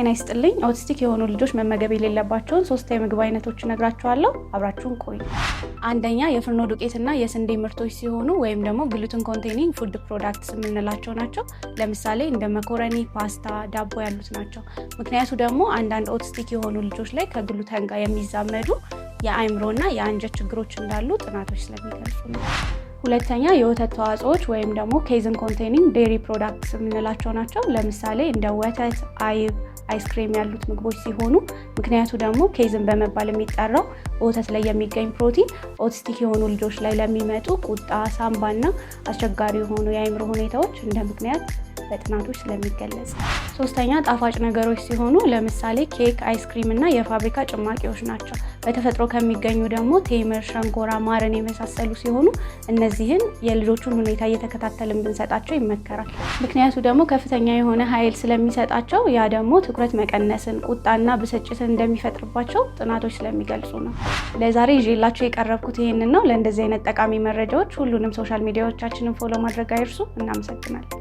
ጤና ይስጥልኝ። ኦቲስቲክ የሆኑ ልጆች መመገብ የሌለባቸውን ሶስት የምግብ አይነቶች እነግራችኋለሁ። አብራችሁን ቆዩ። አንደኛ የፍርኖ ዱቄትና የስንዴ ምርቶች ሲሆኑ ወይም ደግሞ ግሉትን ኮንቴኒንግ ፉድ ፕሮዳክትስ የምንላቸው ናቸው። ለምሳሌ እንደ መኮረኒ፣ ፓስታ፣ ዳቦ ያሉት ናቸው። ምክንያቱ ደግሞ አንዳንድ ኦቲስቲክ የሆኑ ልጆች ላይ ከግሉተን ጋር የሚዛመዱ የአይምሮና የአንጀት ችግሮች እንዳሉ ጥናቶች ስለሚገልጹ ነው። ሁለተኛ የወተት ተዋጽኦዎች ወይም ደግሞ ኬዝን ኮንቴኒንግ ዴሪ ፕሮዳክትስ የምንላቸው ናቸው። ለምሳሌ እንደ ወተት፣ አይብ አይስክሬም ያሉት ምግቦች ሲሆኑ ምክንያቱ ደግሞ ኬዝን በመባል የሚጠራው ወተት ላይ የሚገኝ ፕሮቲን ኦቲስቲክ የሆኑ ልጆች ላይ ለሚመጡ ቁጣ፣ ሳምባና አስቸጋሪ የሆኑ የአይምሮ ሁኔታዎች እንደ ምክንያት በጥናቶች ስለሚገለጽ። ሶስተኛ ጣፋጭ ነገሮች ሲሆኑ ለምሳሌ ኬክ፣ አይስክሪም እና የፋብሪካ ጭማቂዎች ናቸው። በተፈጥሮ ከሚገኙ ደግሞ ቴምር፣ ሸንኮራ፣ ማርን የመሳሰሉ ሲሆኑ እነዚህን የልጆቹን ሁኔታ እየተከታተልን ብንሰጣቸው ይመከራል። ምክንያቱ ደግሞ ከፍተኛ የሆነ ኃይል ስለሚሰጣቸው ያ ደግሞ ትኩረት መቀነስን፣ ቁጣና ብስጭትን እንደሚፈጥርባቸው ጥናቶች ስለሚገልጹ ነው። ለዛሬ ይዤላችሁ የቀረብኩት ይህንን ነው። ለእንደዚህ አይነት ጠቃሚ መረጃዎች ሁሉንም ሶሻል ሚዲያዎቻችንን ፎሎ ማድረግ አይርሱ። እናመሰግናለን።